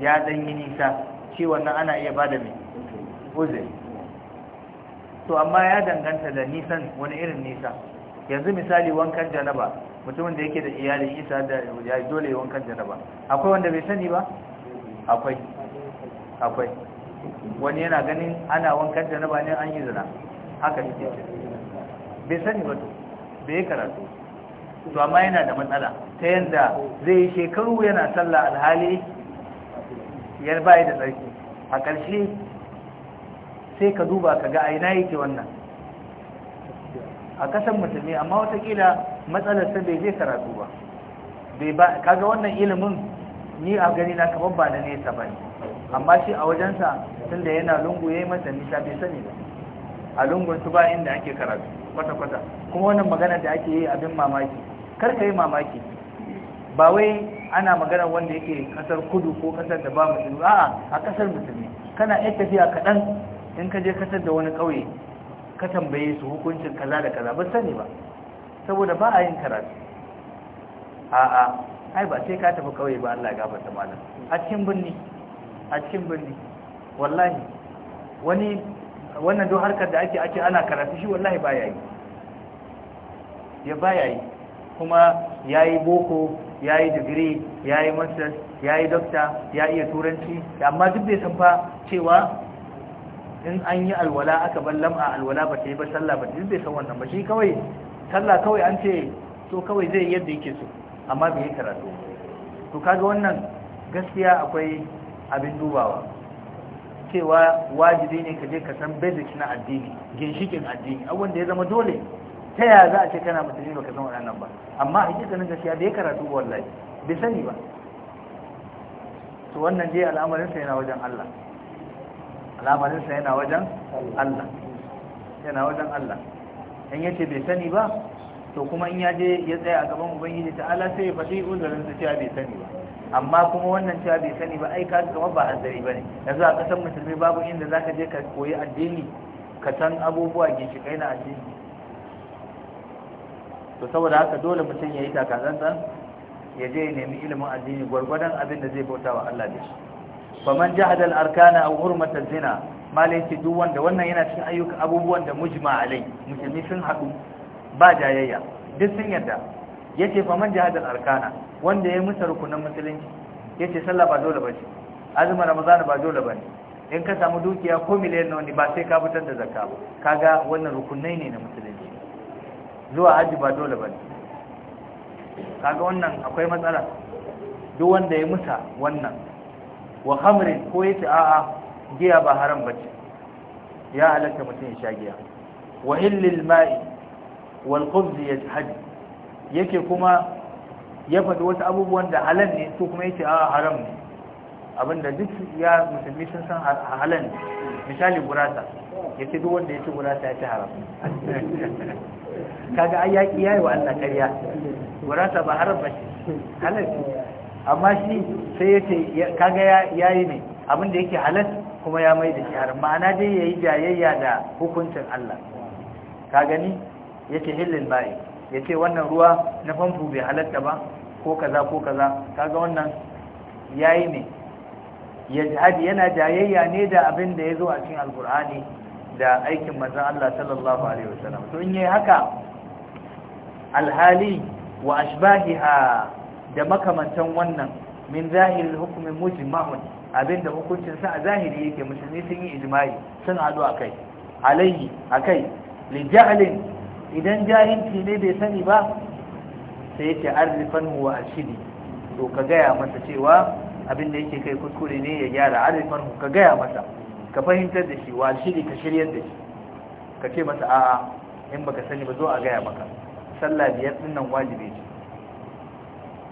ya dan yi nisa shi wannan ana iya bada mai uzuri to amma ya danganta da nisan wani irin nisa yanzu misali wankan janaba mutumin da yake da iyali isa da ya dole wankan janaba akwai wanda bai sani ba akwai akwai wani yana ganin ana wankan janaba ne an yi zina haka yake bai sani ba to bai karatu to amma yana da matsala ta yanda zai yi shekaru yana sallah alhali yar bai da tsarki a ƙarshe sai ka duba ka ga aina yake wannan a kasan musulmi amma watakila matsalar sa bai je karatu ba bai ba kaga wannan ilimin ni a gani na kamar ba na nesa ba ne amma shi a wajensa tun da yana lungu ya yi masa nisa bai sani ba a lungun su ba inda ake karatu kwata-kwata kuma wannan magana da ake yi abin mamaki kar ka yi mamaki ba wai ana magana wanda yake kasar kudu ko kasar da ba musulmi a'a a kasar musulmi kana iya tafiya kaɗan in ka je kasar da wani ƙauye ka tambaye su hukuncin kaza da kaza ba sani ba saboda ba a yin karatu a'a ai ba sai ka tafi kawai ba Allah ya gafarta malam a cikin birni a cikin birni wallahi wani wannan duk harkar da ake ake ana karatu shi wallahi ba yi ya ba yi kuma yayi boko yayi digiri yayi masters yayi doctor ya iya turanci amma duk bai san fa cewa in an yi alwala aka ban lam'a alwala ba ta yi ba sallah ba ta yi bai san wannan ba shi kawai sallah kawai an ce so kawai zai yadda yake so amma bai yi karatu to kaga wannan gaskiya akwai abin dubawa cewa wajibi ne ka je ka san basic na addini ginshikin addini abin da ya zama dole ta yaya za a ce kana musulmi ka san waɗannan ba amma a hakikanin gaskiya bai ya karatu wallahi bai sani ba to wannan dai al'amarin sa yana wajen Allah alamarinsa yana wajen Allah yana wajen Allah in yace bai sani ba to kuma in ya je ya tsaya a gaban ubangiji allah sai ya faɗi uzurin su cewa bai sani ba amma kuma wannan cewa bai sani ba ai kaga kuma ba azari bane yanzu a kasan musulmi babu inda zaka je ka koyi addini ka san abubuwa ginshikai na addini to saboda haka dole mutum ya yi takatsantsan ya je ya nemi ilimin addini gwargwadon abin da zai bauta wa Allah da shi faman jahada al-arkana aw hurmat zina malai duk wanda wannan yana cikin ayyukan abubuwan da mujma alai musulmi sun haɗu ba jayayya duk sun yarda yace faman jahada al-arkana wanda ya musa rukunan musulunci yace sallah ba dole bace azumin ramadan ba dole bane in ka samu dukiya ko miliyan nawa ne ba sai ka fitar da zakka ba kaga wannan rukunai ne na musulunci zuwa haji ba dole bane kaga wannan akwai matsala duk wanda ya musa wannan wa hamrin ko ya ce a'a giya ba haram ba ce ya halatta mutum ya sha giya wa illil ma'i wal khubzi yajhad yake kuma ya faɗi wasu abubuwan da halal ne su kuma yace a'a haram ne abinda duk ya musulmi sun san halal ne misali gurasa yace duk wanda yace gurasa ya ci haram kaga ayyaki ya wa Allah kariya gurasa ba haram ba ce halal ne amma shi sai ya ce kaga ya yi ne abin da yake halas kuma ya mai da shi ma'ana dai ya yi jayayya da hukuncin Allah ka gani ya ce hillin bayi ya ce wannan ruwa na famfo bai halatta ba ko kaza ko kaza kaga wannan ya yi ne ya jihadi yana jayayya ne da abin da ya zo a cikin alkur'ani da aikin mazan Allah sallallahu alaihi wasallam to in yi haka alhali wa ashbahiha da makamantan wannan min zahiri hukumin mujma'un abinda hukuncin sa a zahiri yake musulmi sun yi ijima'i sun hadu akai alayhi akai kai lijalin idan jahilci ne bai sani ba sai yake arzifan huwa shidi to ka gaya masa cewa abinda yake kai kuskure ne ya gyara arzifan hu ka gaya masa ka fahimtar da shi wa al-shiri ka shiryar da shi ka ce masa a'a in baka sani ba zo a gaya maka sallah biyar dinnan wajibi ce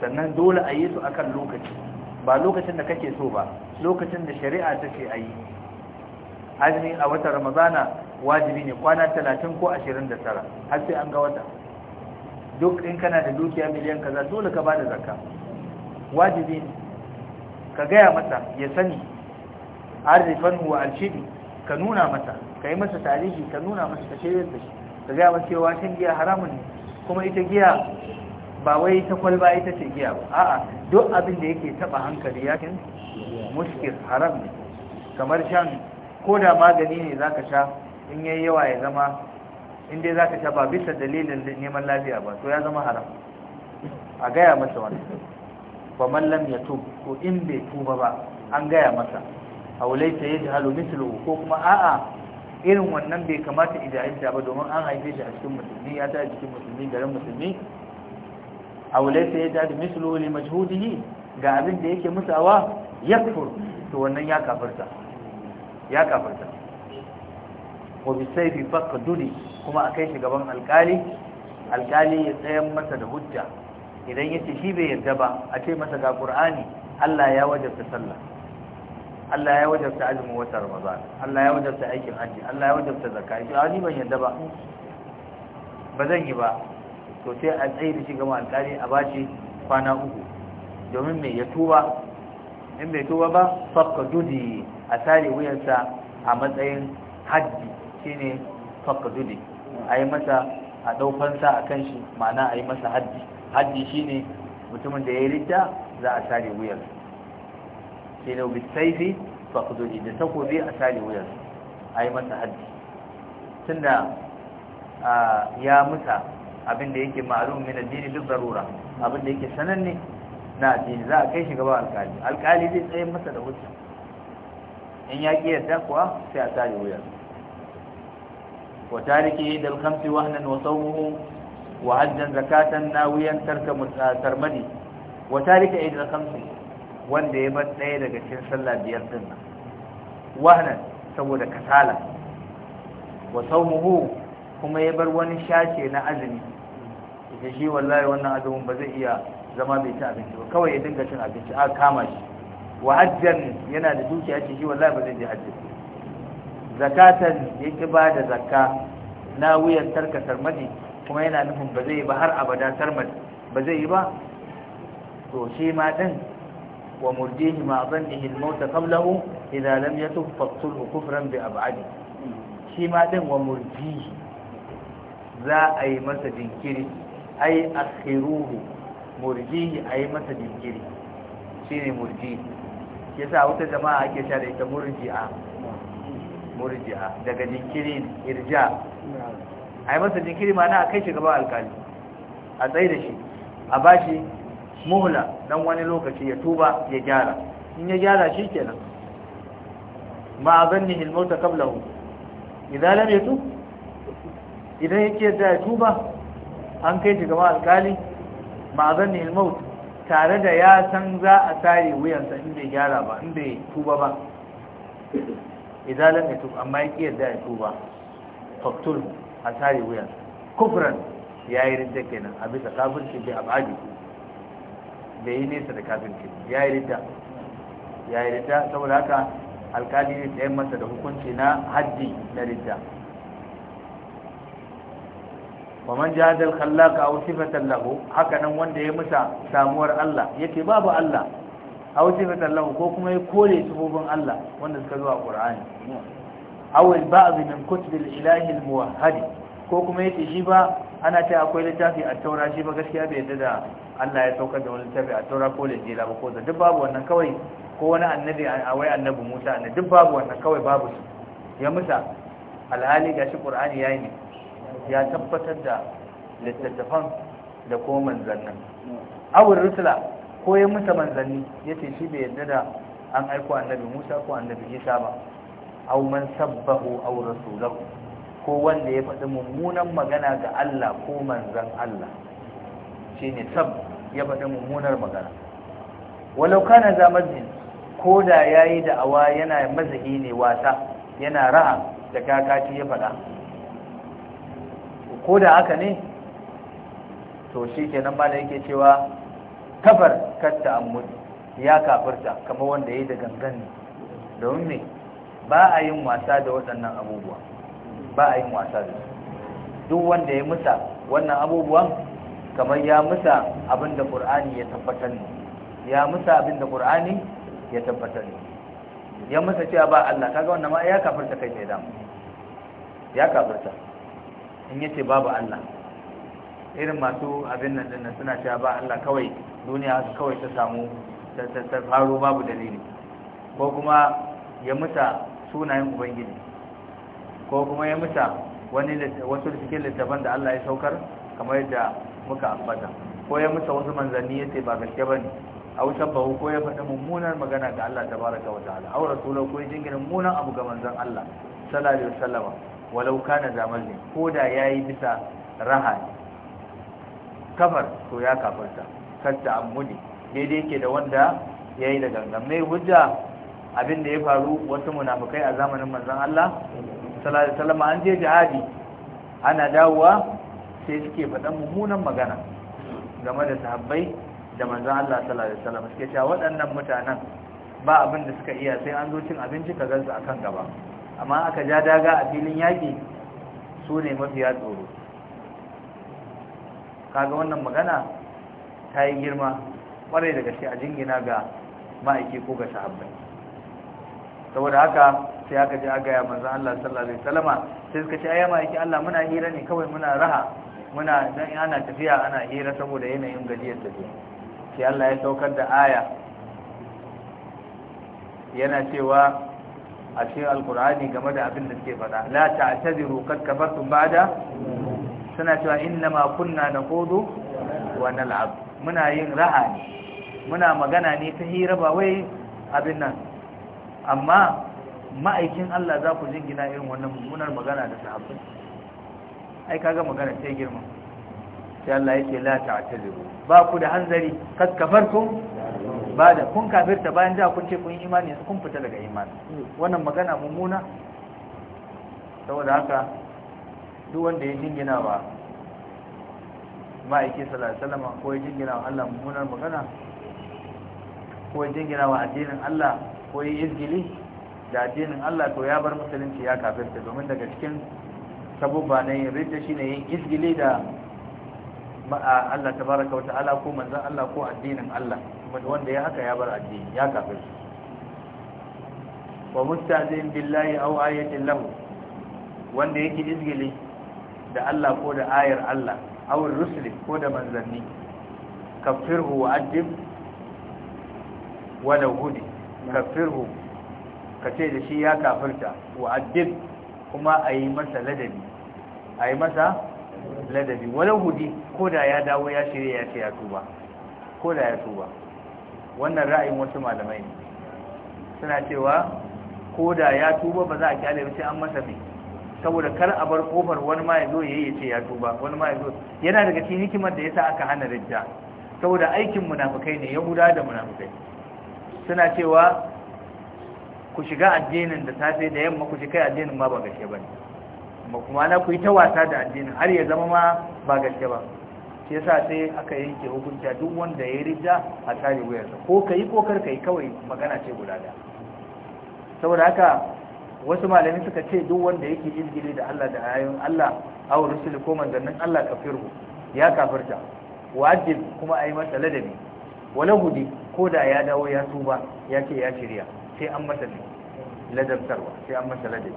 sannan dole a yi su akan lokaci ba lokacin da kake so ba lokacin da shari'a ta ce a yi azumi a wata ramadana wajibi ne kwana talatin ko ashirin da tara har sai an ga wata duk in kana da dukiya miliyan kaza dole ka ba da zakka wajibi ne ka gaya masa ya sani arifan wa alshidi ka nuna masa ka yi masa tarihi ka nuna masa ka shirya da shi ka gaya masa cewa shan giya haramun ne kuma ita giya ba wai ta kwalba ita ce giya ba a'a duk abin da yake taba hankali yakin mushkil haram ne kamar shan ko da magani ne zaka sha in yayi yawa ya zama in dai zaka sha ba bisa dalilin neman lafiya ba to ya zama haram a gaya masa wani ba mallam ya ko in bai tuba ba an gaya masa aulaita halu mithluhu ko kuma a'a irin wannan bai kamata idan ba domin an haife shi a cikin musulmi ya ta cikin musulmi garin musulmi aw laysa yajad mislu li majhudihi ga abin da yake musawa yakfur to wannan ya kafarta ya kafarta wa bisayfi duni kuma akai shi gaban alkali alkali ya tsayan masa da hujja idan yace shi bai yarda ba a ce masa ga qur'ani Allah ya wajabta sallah Allah ya wajabta azumin watan Ramadan Allah ya wajabta aikin hajji Allah ya wajabta zakka shi ban yarda ba ba zan yi ba to sai a tsaye da shi gama alƙali a bashi kwana uku domin mai ya tuba in bai tuba ba fakka dudi a tare wuyansa a matsayin haddi shine fakka dudi a yi masa a ɗaukansa a kan shi ma'ana a yi masa haddi haddi shine mutumin da ya ridda za a tare wuyarsa shi ne bisaifi fakka dudi da takobi a tare wuyarsa a yi masa haddi tunda ya musa abin da yake ma'lum min addini duk darura abin da yake sananne na addini za a kai shi gaba alkali alkali zai tsaye masa da hujja in ya ki yadda kuwa sai a tare wuyar wa tarikihi dal khamsi wahnan wa sawmuhu wa hajjan zakatan nawiyan tarka mutarmani wa tarika aid al khamsi wanda ya bar ɗaya daga cikin sallah biyar din nan wahnan saboda kasala wa sawmuhu kuma ya bar wani shashe na azumi ita shi wallahi wannan azumin ba zai iya zama bai ci abinci ba kawai ya dinga cin abinci a kama shi wa hajjan yana da dukiya ce shi wallahi ba zai je hajji zakatan ya ki ba da zakka na wuyan tarka tarmadi kuma yana nufin ba zai yi ba har abada tarmadi ba zai yi ba to shi ma din wa murjihi ma zannihi al-maut qablahu idza lam yatub faqtulhu kufran bi ab'adi shi ma din wa murjihi za a yi masa jinkiri ai a khiruhu murjihi a yi masa jinkiri shine murji yasa wata jama'a ake sha da ita murji'a murji'a daga jinkiri irja a yi masa jinkiri ma na a kai shi gaba alkali a tsaye da shi a bashi muhla don wani lokaci ya tuba ya gyara in ya gyara shi kenan ma a zan maut qablahu idza lam yatub idan yake da tuba an kai shi gaba alkali ma'azan ilmaut tare da ya san za a tare wuyansa in bai gyara ba in bai tuba ba idalan ya tuba amma ya ƙi yadda ya tuba faktul a tare wuyansa kufran ya yi rinta kenan a bisa kafirci bai abadi bai yi nesa da kafirci ya yi rinta ya yi rinta saboda haka alkali ne yi masa da hukunci na hajji na rinta wa man jahadal khallaka aw sifatan lahu haka nan wanda ya musa samuwar Allah yace babu Allah aw sifatan lahu ko kuma ya kore sifofin Allah wanda suka zo a Qur'ani aw al ba'd min kutub al ilahi al muwahhid ko kuma yace shi ba ana ta akwai littafi a taura shi ba gaskiya bai yadda da Allah ya saukar da wani littafi a taura ko jira ba ko da duk babu wannan kawai ko wani annabi a wai annabi Musa ne duk babu wannan kawai babu su ya musa alhali gashi Qur'ani yayi ne ya tabbatar da littattafan da ko manzannin abu rusula ko ya mutu manzanni ya ce shi bai yadda da an aiko annabi musa ko annabi isa ba au man sabbahu au rasulahu ko wanda ya faɗi mummunan magana ga Allah ko manzan Allah ne sab ya faɗi mummunar magana walau kana za ko da yayi da awa yana mazahi ne wasa yana ra'a da kakaci ya faɗa ko da haka ne to shi kenan nan da yake cewa kafar katta ammud ya kafirta kamar wanda ya yi da gangan ne domin me ba a yin wasa da waɗannan abubuwa ba a yin wasa da su duk wanda ya musa wannan abubuwan kamar ya musa abin da ƙur'ani ya tabbatar ne ya musa abin da ƙur'ani ya tabbatar ne ya musa cewa ba Allah kaga wannan ma ya kafirta kai sai damu ya kafirta in yace babu Allah irin masu abin nan dinnan suna cewa ba Allah kawai duniya su kawai ta samu ta faro babu dalili ko kuma ya muta sunayen ubangiji ko kuma ya muta wani wasu cikin littafan da Allah ya saukar kamar yadda muka ambata ko ya muta wasu manzanni yace ba gaske bane wutan bahu ko ya faɗi mummunan magana ga Allah tabaraka wa ta'ala aw rasulahu ko ya jingina mummunan abu ga manzon Allah sallallahu alaihi wasallama walau kana zamar ne ko da ya yi bisa raha ne kafar to ya kafarta kasta muni daidai yake da wanda ya yi da gangan mai hujja abin da ya faru wasu munafukai a zamanin manzon Allah salatu salama an je jihadi ana dawowa sai suke faɗan mummunan magana game da sahabbai da manzon Allah sallallahu alaihi wasallam suke cewa waɗannan mutanen ba abin da suka iya sai an zo cin abinci ka gansu akan gaba amma aka ja daga a filin yaƙi su ne mafiya tsoro kaga wannan magana ta yi girma ƙwarai da gaske a jingina ga ma'aiki ko ga sahabbai saboda haka sai aka ji aka ya manzan Allah sallallahu alaihi wasallama sai suka ce ayyama yake Allah muna hira ne kawai muna raha muna dan ana tafiya ana hira saboda yanayin gajiyar tafiya sai Allah ya saukar da aya yana cewa a cikin alkur'ani game da abin da suke faɗa la ta'tadiru kad kafartum ba'da suna cewa inna ma kunna naqudu wa nal'ab muna yin raha ne muna magana ne ta hira ba wai abin nan amma ma'aikin Allah za ku jingina irin wannan mummunar magana da sahabbai ai kaga magana sai girma sai Allah yake la ta'tadiru ba ku da hanzari kad kafartum ibada kun kafirta bayan da kun ce kun imani yanzu kun fita daga imani wannan magana mummuna saboda haka duk wanda ya jingina ba ma'aiki salama ko ya jingina wa Allah mummunar magana ko ya jingina wa addinin Allah ko ya izgili da addinin Allah to ya bar musulunci ya kafirta domin daga cikin sabubba na ridda shine yin izgili da Allah tabaraka wa ta'ala ko manzon Allah ko addinin Allah wanda ya haka ya bar addini ya kafir wa mustazin billahi aw ayatin lahu wanda yake izgili da Allah ko da ayar Allah aw rusul ko da manzanni kafirhu wa adib wa lahudi kafirhu kace da shi ya kafirta wa adib kuma ayi masa ladabi ayi masa ladabi wa hudi ko da ya dawo ya shirya ya ce ya tuba ko da ya tuba wannan ra'ayin wasu malamai ne suna cewa ko da ya tuba ba za a kyale sai an masa mai saboda kar a bar kofar wani ma ya zo ya ya ce ya tuba wani ma ya zo yana daga cikin hikimar da yasa aka hana rijja saboda aikin munafukai ne yahuda da munafukai suna cewa ku shiga addinin da safe da yamma ku shiga addinin ma ba gaske bane kuma na ku yi ta wasa da addinin har ya zama ma ba gaske ba shi yasa sai aka yanke hukunci duk wanda ya rija a tsari wuyarsa. ko kai ko kar kai kawai magana ce guda da saboda haka wasu malami suka ce duk wanda yake izgili da Allah da ayoyin Allah aw rusul ko manzannin Allah kafiru ya kafirta wajib kuma ayi masa ladabi wala hudi ko da ya dawo ya tuba ya ce ya shirya sai an masa ladabtarwa sai an masa ladabi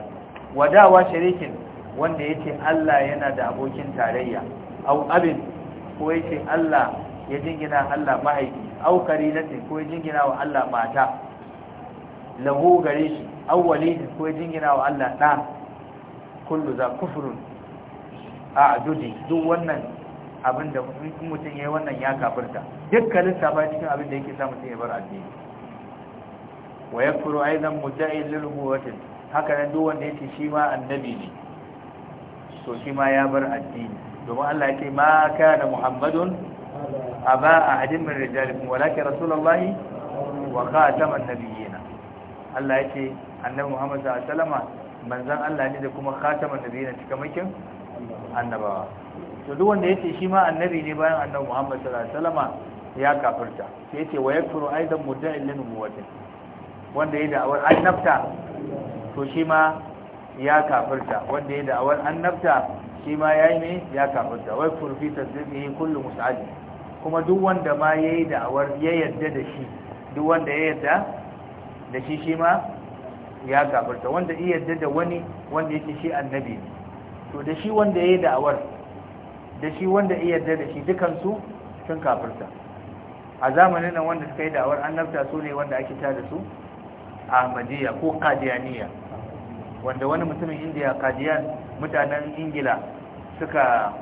wadawa sharikin wanda yace Allah yana da abokin tarayya aw abin ko yake Allah ya jingina Allah mahaifi au karinatin ko ya jingina wa Allah mata lahu gare shi awwalin ko ya jingina wa Allah da kullu za kufrun ajudi duk wannan abin da mutum ya yi wannan ya kafirta dukkanin saba cikin abin da yake sa mutum ya bar addini wa yakfuru aidan muta'il lil haka nan duk wanda yake shi ma annabi ne to shi ma ya bar addini domin Allah yake ma kana muhammadun aba ahadin min rijalikum walakin rasulullahi wa khataman nabiyina Allah yake annabi Muhammad sallallahu alaihi wasallama manzon Allah ne da kuma khataman nabiyina cikamakin annabawa to duk wanda yace shi ma annabi ne bayan annabi Muhammad sallallahu alaihi wasallama ya kafirta sai yace wa yakfuru aidan muddain lin nubuwati wanda ya da'awar annabta to shi ma ya kafirta wanda ya da'awar annabta shi ma yi ne ya da wai kurfi zirgin kullum mus'ad kuma duk wanda ma ya yi da'awar ya yadda da shi duk wanda ya yadda da shi shi ma ya da wanda ya yadda da wani wanda yake shi annabi ne. to da shi wanda yi da'awar da shi wanda ya yadda da shi dukansu sun kafirta a zamanin nan wanda suka yi da'awar annabta su ne wanda ake tada su ahmadiyya ko qadiyaniya wanda wani mutumin indiya kajiyar mutanen ingila suka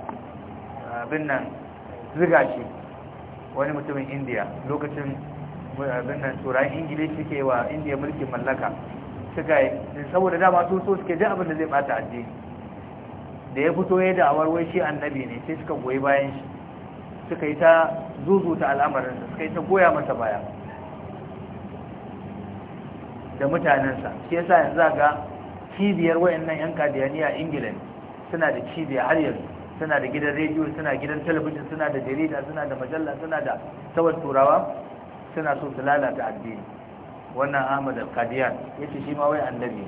abin nan ziga shi wani mutumin indiya lokacin abin nan turayen ingila suke wa indiya mulkin mallaka suka yi saboda dama su so suke jin abin da zai bata addini da ya fito ya da awar wai shi annabi ne sai suka goyi bayan shi suka yi ta zuzuta al'amarin suka yi ta goya masa baya da mutanensa shi yasa yanzu ga cibiyar wayannan yan Kadiyaniya a ingila suna da cibiya har yanzu suna da gidan rediyo suna gidan talabijin suna da jarida suna da majalla suna da tawar turawa suna so su lalata addini wannan ahmad al-kadiyan ya ce shi ma wai annabi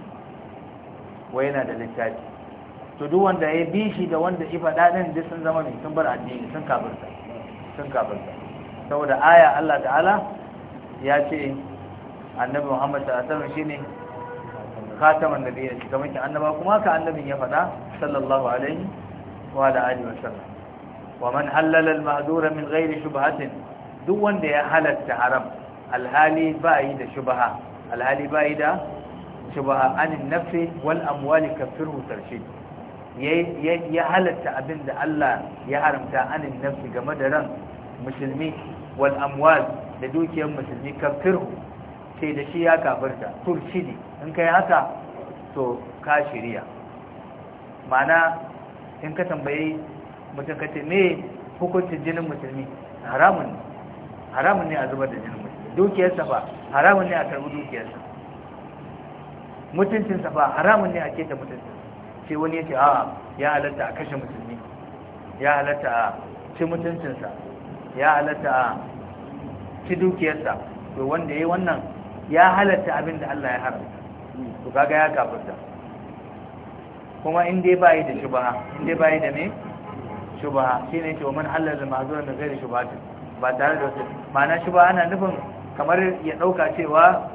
wai yana da littafi to duk wanda ya bi shi da wanda ifa dadin duk sun zama mai sun bar addini sun kafirta sun kafirta saboda aya Allah ta'ala ya ce annabi Muhammad sallallahu alaihi wasallam shine khataman nabiyyi kamar ki annaba kuma ka annabin ya faɗa sallallahu alaihi wa ala alihi wasallam wa man halala al ma'dura min ghairi shubhatin duk wanda ya halatta haram alhali yi da shubha alhali yi da shubha anin nafsi wal amwali kafirhu tarshid ya halatta abin da Allah ya haramta anin nafsi game da ran musulmi wal amwal da dukiyar musulmi kafirhu sai da shi ya kafarta turshidi in kai haka to ka shirya mana in ka tambaye mutum ka ce me hukuncin jinin musulmi haramun ne haramun ne a zubar da jinin musulmi dukiyarsa ba haramun ne a karbi dukiyarsa mutuncinsa ba haramun ne a keta mutuncin sai wani ya a ya halatta a kashe musulmi ya halatta a ci mutuncinsa ya halatta a ci dukiyarsa to wanda ya yi wannan ya halatta abin da Allah ya haramta to kaga ya kafirta kuma in dai bai da shubha in dai bai da me shubha shine ce man halal ma'zura da ghairi shubhatin ba tare da wasu ma'ana shubha ana nufin kamar ya dauka cewa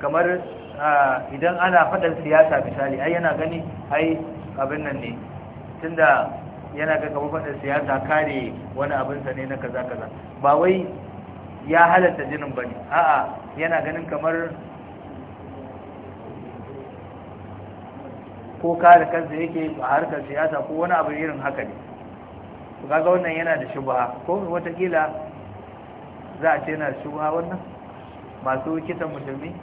kamar idan ana fadar siyasa misali ai yana gani ai abin nan ne tunda yana ga kamar fadar siyasa kare wani abin sa ne na kaza kaza ba wai ya halatta jinin bane a'a yana ganin kamar ko kare kansa yake a harkar siyasa ko wani abu irin haka ne to kaga wannan yana da shubha ko watakila za a ce yana da shubha wannan masu kitan musulmi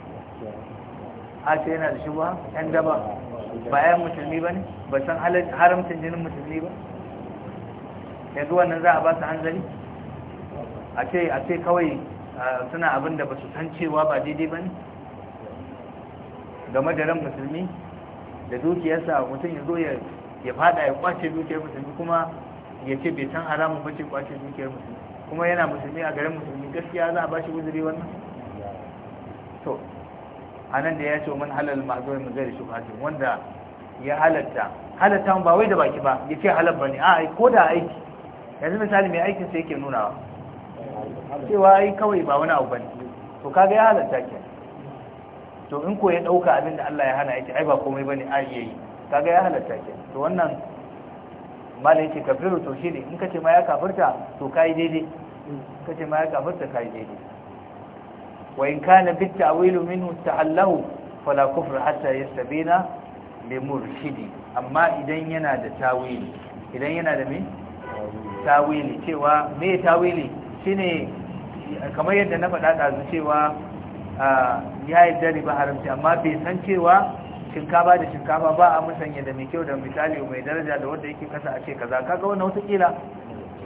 a ce yana da shubha yan daba ba yan musulmi ba ne ba san haramcin jinin musulmi ba yanzu wannan za a ba su hanzari a ce a ce kawai suna abin da ba su san cewa ba daidai ba ne game da ran musulmi da dukiyarsa mutum ya zo ya fada ya kwace dukiyar musulmi kuma ya ce bai san haramun ba ce kwace dukiyar musulmi kuma yana musulmi a garin musulmi gaskiya za a ba shi guzuri wannan to a nan da ya ce man halal ma'azoi mu zai shubhatin wanda ya halatta halatta ba wai da baki ba ya ce halal ba ne a ko da aiki yanzu misali mai aikin sai yake nunawa cewa ai kawai ba wani abu bane to kaga ya halatta ke to in ko ya dauka abin da Allah ya hana yake ai ba komai bane a yayi kaga ya halatta ke to wannan malai yake kafiru to shi ne in kace ma ya kafirta to kai daidai in kace ma ya kafirta kai daidai wa in kana bi ta'wilu minhu ta'allahu fala kufr hatta yastabina li murshidi amma idan yana da tawili idan yana da me tawili cewa me tawili shine kamar yadda na faɗa ɗazu cewa ya yi dare ba haramci amma bai san cewa shinkafa da shinkafa ba a musanya da mai kyau da misali mai daraja da wanda yake kasa a ce kaza kaga wannan watakila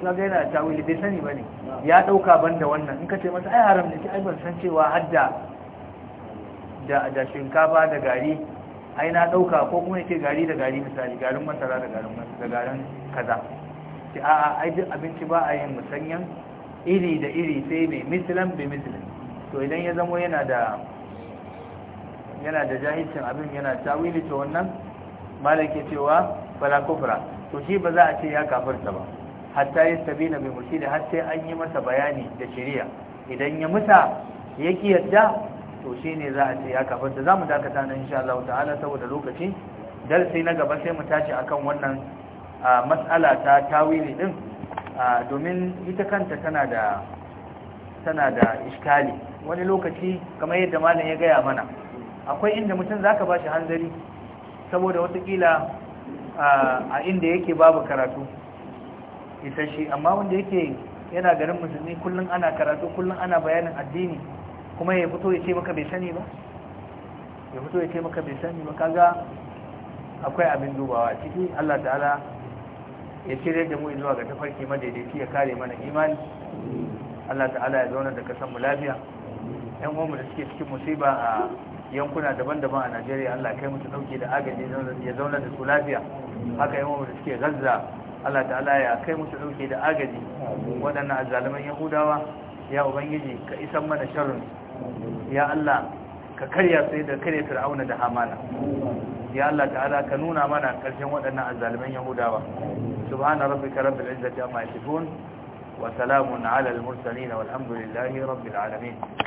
ga yana tawili bai sani bane ya dauka da wannan in ka ce masa ai haram ne ki ai ban san cewa hadda da shinkafa da gari ai na dauka ko kuma yake gari da gari misali garin masara da garin kaza ki a abinci ba a yin musanyan iri da iri sai mai mislan bi mislan to idan ya zamo yana da yana da jahilcin abin yana tawili to wannan malaki cewa fala kufra to shi ba za a ce ya kafirta ba hatta sabina bi murshidi har sai an yi masa bayani da shari'a idan ya muta ya yadda to shine za a ce ya kafirta mu dakata nan insha Allah ta'ala saboda lokaci darsi na gaba sai mu tashi akan wannan mas'ala ta tawili din domin ita kanta tana da tana da iskali wani lokaci kamar yadda malam ya gaya mana akwai inda mutum zaka bashi hanzari saboda watakila a inda yake babu karatu shi amma wanda yake yana garin musulmi kullum ana karatu kullum ana bayanin addini kuma ya fito ya ce maka bai sani ba ya fito ya ce maka bai sani ba kaga akwai abin dubawa ciki Allah ta'ala ya cire da mu zuwa ga tafarki madaidaici ya kare mana imani Allah ta'ala ya zauna da kasan mu lafiya yan uwanmu da suke cikin musiba a yankuna daban-daban a Najeriya Allah kai musu dauke da agaji ya zauna da su lafiya haka yan uwanmu da suke Gaza Allah ta'ala ya kai musu dauke da agaji waɗannan azzaluman Yahudawa ya ubangiji ka isan mana sharrin ya Allah ka karya sai da kare fir'auna da hamana ya Allah ta'ala ka nuna mana karshen waɗannan azzaliman yahudawa subhana rabbika rabbil izzati amma yasifun wa salamun ala al mursalin walhamdulillahi rabbil alamin